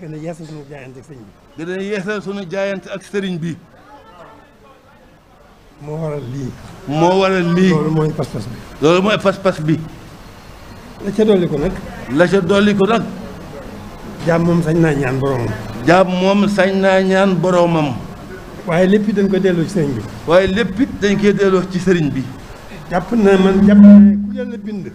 gën a yeesal sunu jaayante ak sëriñ bi. gën a yeesal sunu ak sëriñ bi. moo waral lii. moo waral lii. loolu mooy pas-pas bi. loolu mooy pas-pas bi. la ca dolli ko nag. la ca dolli ko nag. jaam moom sañ naa ñaan boromam. jaam moom sañ naa ñaan boromam. waaye lépp it dañ koy delloo ci sëriñ bi. waaye lépp it dañ koy delloo ci sëriñ bi. jàpp na man jàpp na ku yàlla bind.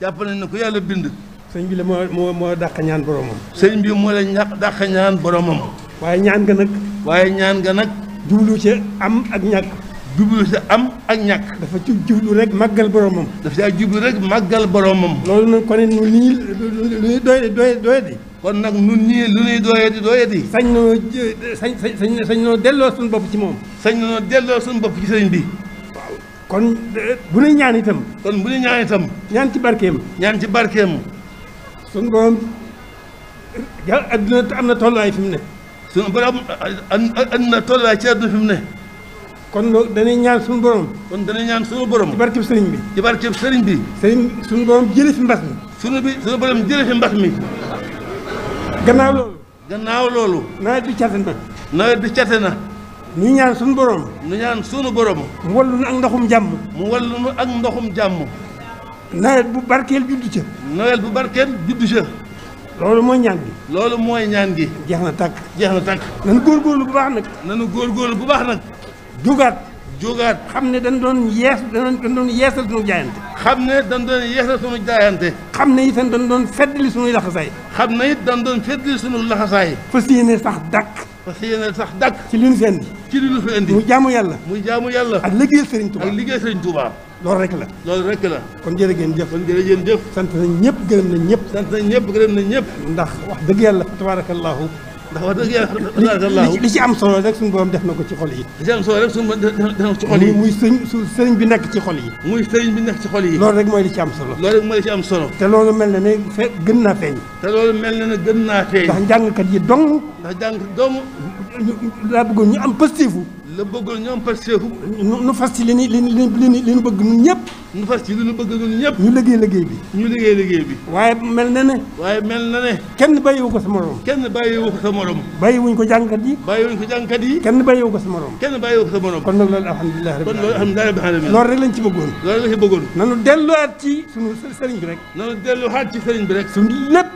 jàpp nañ ne ku yàlla bind. sëñ bi la moo moo moo dàq ñaan boromam. sëñ bi moo la ñàq dàq ñaan boromam. waaye ñaan nga nag. waaye ñaan nga nag. jublu ci am ak ñàkk. jublu ci am ak ñàkk. dafa ci jublu rek màggal boromam. dafa caa jublu rek màggal boromam. loolu nag kon nu nii lu ñuy doy doy doy kon nag nun nii lu ñuy doyee di doyee sañ noo sañ sañ sañ delloo suñu bopp ci moom. sañ noo delloo suñu bopp ci sëñ bi. waaw kon eh, bu ñuy ñaan itam. kon bu ñuy ñaan itam. ñaan ci barkeem. ñaan ci barkeem. suñu borom ja adduna am na tolluwaay fi mu ne. suñu borom am na tolluwaay ci adduna fi ne. kon loolu dañuy ñaan suñu borom. kon dañuy ñaan suñu borom. ci barkeb sëriñ bi. ci barkeb sëriñ bi. sëriñ suñu borom jëlee fi mbas mi. suñu bi suñu borom jëlee fi mbas mi. gannaaw loolu. gannaaw loolu. nawet bi cate na. nawet bi cate na. ñu ñaan suñu borom. ñu ñaan suñu borom. mu wallu nu ak ndoxum jàmm. mu wallu nu ak ndoxum jàmm. nawet bu barkeel juddu ca. nawet bu barkeel juddu ca. loolu mooy ñaan gi. loolu mooy ñaan gi. jeex na tàkk. jeex na tàkk. nanu góor bu baax nag. nanu góorgóorlu bu baax nag. jógaat. jógaat xam ne dañ doon yees dañ doon yeesal suñu jaayante. xam ne dañ doon yeesal suñu jaayante. xam ne itam dañ doon feddali suñuy laxasaay. xam ne it dañ doon feddali suñu laxasaay. fas yéene sax dàkk. fas yéene sax dàkk. ci li ñu fi indi. ci li ñu fi indi. muy jaamu yàlla. muy jaamu yàlla. ak liggéey Sëriñ Tuubaa ak liggéey Sëriñ Tuubaa. loolu rek la. loolu rek la. kon jërë ngeen jëf. kon jërë ngeen sant nañ ñëpp gërëm nañ ñëpp. sant nañ ñëpp gërëm ñëpp. ndax wax dëgg yàlla tabaarakallaahu ndax wax dëgg yàlla li ci am solo rek suñu borom def na ko ci xol yi. li ci am solo rek suñu borom def na ko ci xol yi. muy sëñ sëriñ bi nekk ci xol yi. muy sëriñ bi nekk ci xol yi. loolu rek mooy li ci am solo. loolu mooy li am solo. te loolu mel na ne fe gën naa feeñ. te loolu mel na ne gën naa feeñ. ndax kat yi dong. ndax njàngkat dong. laa bëggoon ñu am pastifu la bëggoon ñu am pastifu nu fas ci li ni nu bëgg ñun ñëpp ñu liggéey liggéey bi ñu liggéey liggéey bi waaye mel na ne waaye mel na ne kenn bàyyiwu ko sa morom kenn bàyyiwu ko sa morom bàyyiwuñ ko jàngkat yi bàyyiwuñ ko jàngkat yi kenn bàyyiwu ko sa morom kenn bàyyiwu ko sa morom kon nag loolu alhamdulilah kon loolu alhamdulilah rabbil loolu rek lañ ci bëggoon loolu lañ ci bëggoon nanu delluwaat ci sunu sëriñ sëriñ bi rek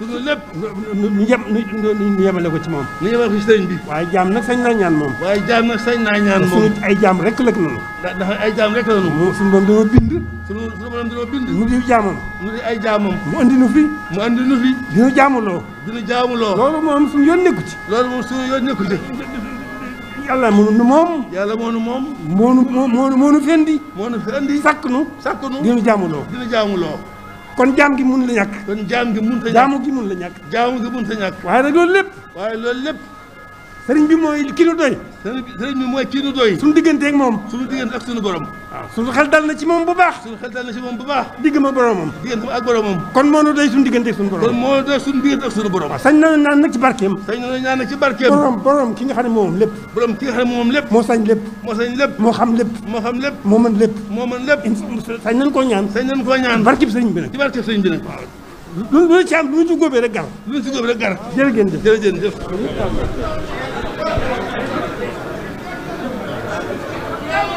te loolu lépp. nu yem nu ko ci moom. nu yemale ko ci bi. waaye jaam na sañ naa ñaan moom. waaye jaam nag sañ naa ñaan moom. suñu ay jaam rek la noonu. ndax ay jaam rek la noonu. mu di jaamam. mu di ay jaamam. mu andi nu fi. mu andi nu fi. dinu jaamuloo. dinu jaamuloo. loolu moom suñu yoon nekku ci. loolu moom suñu yoon nekku ci. yàlla nu moom. yàlla mënu moom. moonu moonu moonu fendi. moonu fendi. sakk nu. sakk nu dinu jaamuloo. dinu jaamuloo. kon jaam gi mun la ñàkk. kon jaam gi mun la ñàkk jaamu gi mun la ñàkk. jaamu gi mun la ñàkk. waaye nag loolu lépp. waaye loolu lépp. sëriñ bi mooy kii nu doy sëriñ bi nu doy suñu diggante ak moom suñu diggante borom waaw suñu xel dal na ci moom bu baax suñu xel dal na ci moom bu baax digg ma boromam diggante ak boromam kon moo nu borom kon moo doy suñu na naan nag ci barkeem sañ na naan nag ci barkeem borom borom nga xam moom lépp borom ki nga xam ne moom lépp moo sañ lépp moo sañ koo ñaan sañ nañ koo ñaan barkeem sëriñ bi nag ci barkeem sëriñ lu lu ci am gar lu ñu ci góobee gar jërëjëf jërëjëf